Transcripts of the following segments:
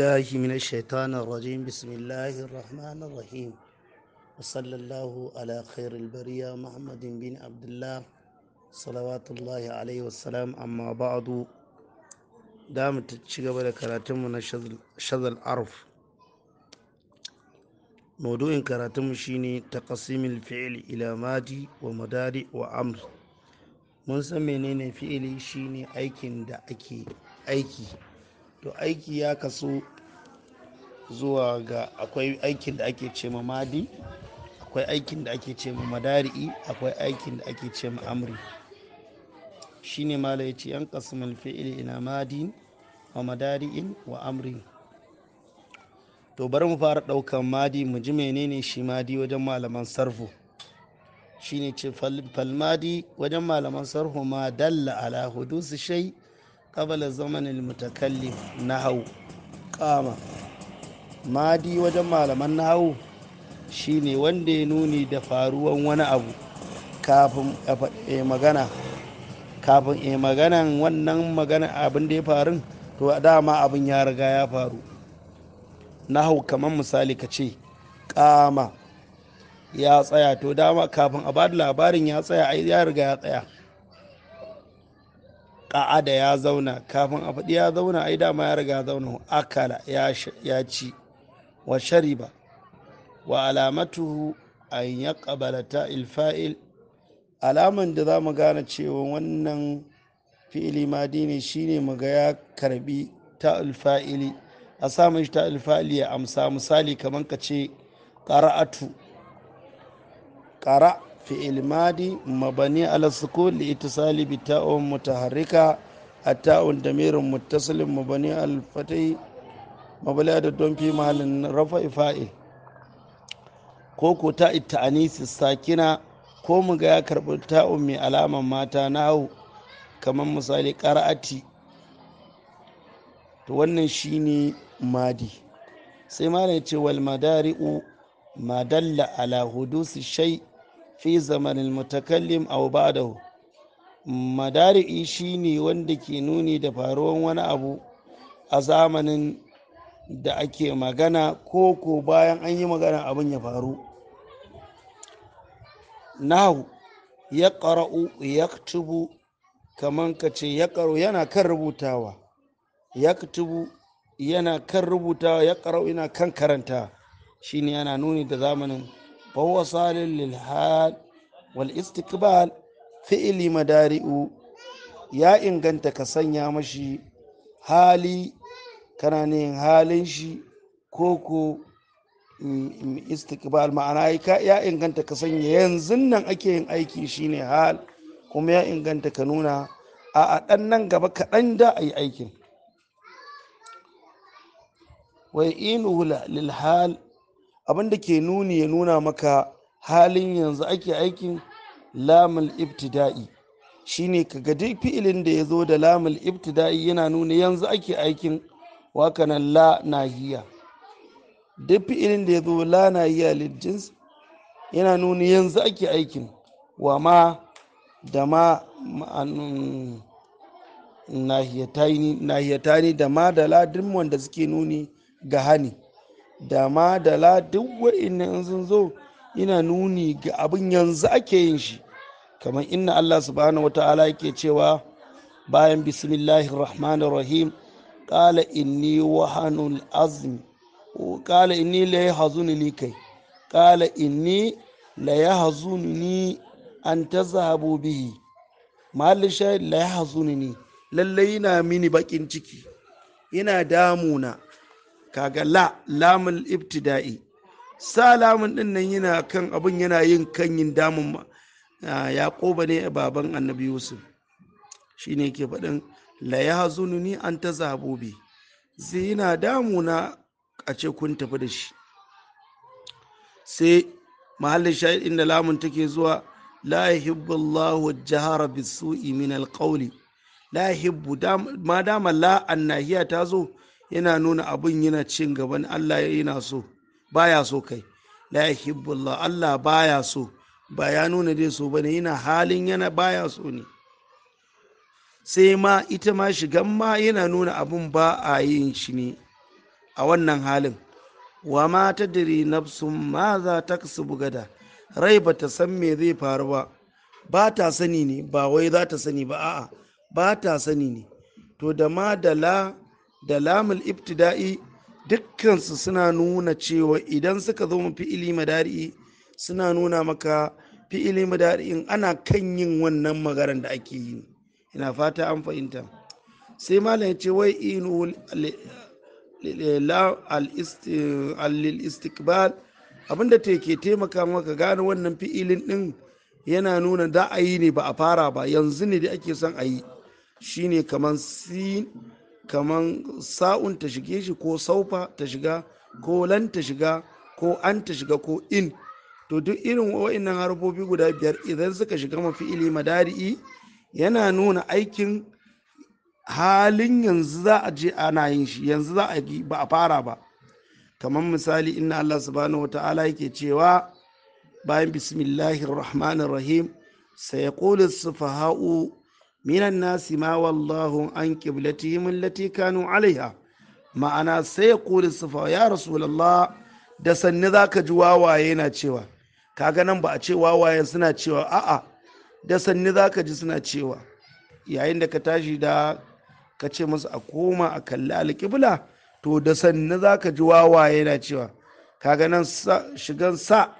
بالله من الشيطان الرجيم بسم الله الرحمن الرحيم وصلى الله على خير البرية محمد بن عبد الله صلوات الله عليه وسلم أما بعد دامت شغب من شذ العرف موضوع كراتم شيني تقسيم الفعل إلى ماضي ومداري وأمر من سمينين فعل شيني أيكن دا أيكي أيكي to aiki ya kasu zuwa ga akwai aikin da ake ce ma madi akwai aikin da ake ce ma madari'i akwai aikin da ake ce ma amri shi ne ya ce yan kasumul fi'ili ina madin wa madari'in wa amri? to bari mu fara ɗaukan madi mu ji menene shi madi wajen malaman sarfu ne ce falmadi wajen malaman sarfu ma dalla ala su shai qabla zamanin mutakallim nahau qama madi wajen malaman shi shine wanda ya nuni da faruwan wani abu kafin ya magana kafin ya magana wannan magana abin da ya faru to a dama abin ya riga ya faru hau kamar misali ka ce kama ya tsaya to dama kafin a da labarin ya tsaya ya riga ya tsaya ƙa'ada ya zauna kafin a faɗi ya zauna ai dama ya riga zauna akala ya ci wa shariba wa alamatuhu an ya ƙabalata ilfa'il alaman da za mu gane cewa wannan fi'ili madi ne shine mu ga ya karbi ta ilfa'ili a samun shi ta ilfa'ili ya amsa misali kamar ka ce ƙara'atu ƙara fi'il madi mabani ala sukun li ittisali bi ta'un mutaharrika at-ta'un damirun muttasilin mabani al fatai mabali da don fi mahallin rafa ifa'il ko ko ta ta'anisi sakina ko mu ga ya mai alamar mata na hau kamar misali ƙara'ati to wannan shine madi sai malam ya ce wal madari'u madalla ala su shay fi zamanin mutakallim a ba'dahu madari'i shine wanda ke nuni da faruwan wani abu a zamanin da ake magana ko ko bayan an yi magana abin ya faru nahu ya ƙara'u ya tubu kamar ka ce ya ƙaro yana kan rubutawa ya tubu yana kan rubutawa ya ƙara'u yana kan karanta shine yana nuni da zamanin فهو صال للحال والاستقبال فعل ya inganta إن كنت كسنيا مشي hali kana yin halin shi ko ko istiqbal ma'ana ya inganta ka sanya yanzu nan ake yin aiki shine hal kuma ya inganta ka nuna a'a a dan nan gaba kaɗan da ayi yi aikin wai inuhu lil hal abin da ke nuni ya nuna maka halin yanzu ake aikin lamul ibtida'i shine ga duk fi'ilin da ya zo da lamul ibtida'i yana nuna yanzu ake aikin wakanan la nahiya duk fi'ilin da ya zo la nahiya liljins yana nuna yanzu ake aikin wa ma da ma nahiyatani da ma da ladin wanda suke nuni ga hani da madala duk in sun zo ina nuni ga abin yanzu ake yin shi kamar inna Allah subhanahu wata'ala yake cewa bayan bismillahir rahmanir rahim qala inni wahanul azmi qala inni la yahzununi kai qala inni la yahzununi an tazhabu bihi mahallin la yahzununi lallai yana mini bakin ciki yana damuna kaga la lamul ibtida'i sa lamun din nan yana kan abun yana yin kanyin damun Ya koba ne baban annabi yusuf shine yake faɗin la zununi an ta bi zai yana damuna a ce kun tafi da shi sai mahallin shahid inda lamun take zuwa la yuhibbu Allahu jahara bisu'i min alqawli la ma dama la annahiya ta zo yana nuna abun yana cin gaban ne Allah yana so baya so kai la yahibbullah Allah baya so ba ya nuna dai so bane yana halin yana baya so ne sai ma ita ma shigan ma yana nuna abun ba a yin shi ne a wannan halin wa ma tadri nafsun ma za ta gada rai ba ta san me zai faru ba ba ta sani ne ba wai za ta sani ba a'a ba ta sani ne to da ma da da lamul ibtida'i dukkansu suna nuna cewa idan suka zo mu fi'ili madari'i suna nuna maka fi'ili madari'in ana kan yin wannan magaran da ake yi ina fata an fahimta sai malam ya ce wai inu al istiqbal abinda take ke taimaka maka gane wannan fi'ilin din yana nuna da a yi ne ba a fara ba yanzu ne da ake son a yi shine kamar sin kamar sa'un ta shige shi ko saufa ta shiga ko lan ta shiga ko an ta shiga ko in to duk irin wa'annan harfofi guda biyar idan suka shiga mafi ma madari'i yana nuna aikin halin yanzu za a je ana yin shi yanzu za a ba a fara ba kamar misali inna Allah subhanahu wata'ala yake cewa bayan bismillahir rahmanir rahim sayaqulu sufaha'u minan nasi ma wallahu an qiblatihim allati kanu alaiha ma'ana sai ya kuli sufa ya rasulallah da sanni za ka ji wawaye na cewa kaga nan ba a ce wawaye suna cewa a'a da sanni za ka ji suna cewa yayin da ka tashi da ka ce musu a koma a kalli alƙibla to da sanni za ka ji wawaye na cewa kaga nan shigan sa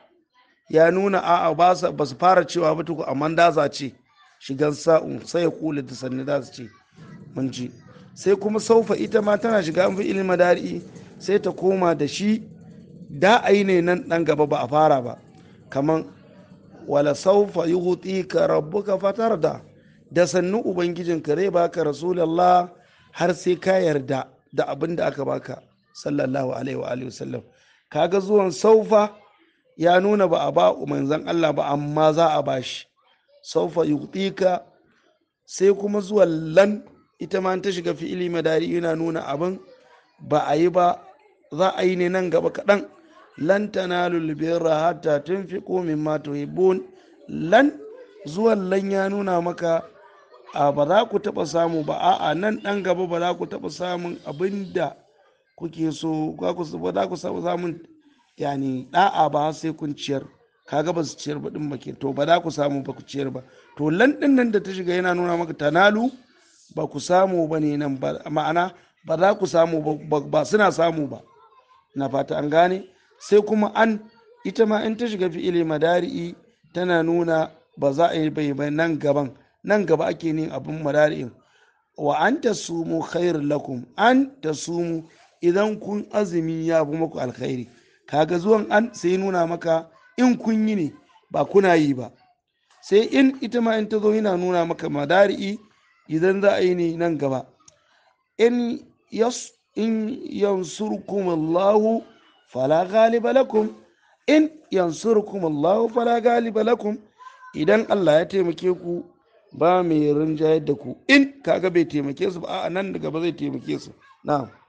ya nuna a'a ba su fara cewa ba tuku amma za ce shigan sa'un sai ya kula da sannu za su ce mun ji sai kuma saufa ita ma tana shiga an fi ilimin madari sai ta koma da shi da a ne nan ɗan gaba ba a fara ba Kamar wala saufa yuhti ka rabbuka fatarda da sannu ubangijin ubangijinka zai baka rasulullah har sai ka yarda da abin da aka baka sallallahu alaihi wa alihi wasallam kaga zuwan saufa ya nuna ba a ba manzon Allah ba amma za a bashi saufa ka sai kuma zuwa lan ita ma ta shiga fi'ili madari yana nuna abin ba a yi ba za a yi ne nan gaba kaɗan lan tanalul birra hatta tunfiqu mimma tuhibbun lan zuwan lan ya nuna maka a ba za ku taɓa samu ba a'a nan ɗan gaba ba za ku taɓa samun abin da kuke so ba za ku samun yani ɗa'a ba sai kun ciyar kaga ba su ciyar ba din make to ba za ku samu ba ku ciyar ba to landin nan da ta shiga yana nuna maka tanalu ba ku samu ba ne nan ba ma'ana ba za ku samu ba ba suna samu ba na fata an gane sai kuma an ita ma in ta shiga fi'ili madari'i tana nuna ba za a yi bai bai nan gaban nan gaba ake ne abin madari'in wa an ta sumu khair lakum an ta sumu idan kun azumi ya bi maku alkhairi kaga zuwan an sai nuna maka in kun yi ne ba kuna yi ba sai in ita ma in ta zo yana nuna maka madari'i idan za a yi ne nan gaba in yas in yansurkum Allahu fala ghaliba lakum in yansurkum Allahu fala ghaliba idan Allah ya taimake ku ba mai rinjayar da ku in kaga bai taimake su ba a nan daga ba zai taimake su na'am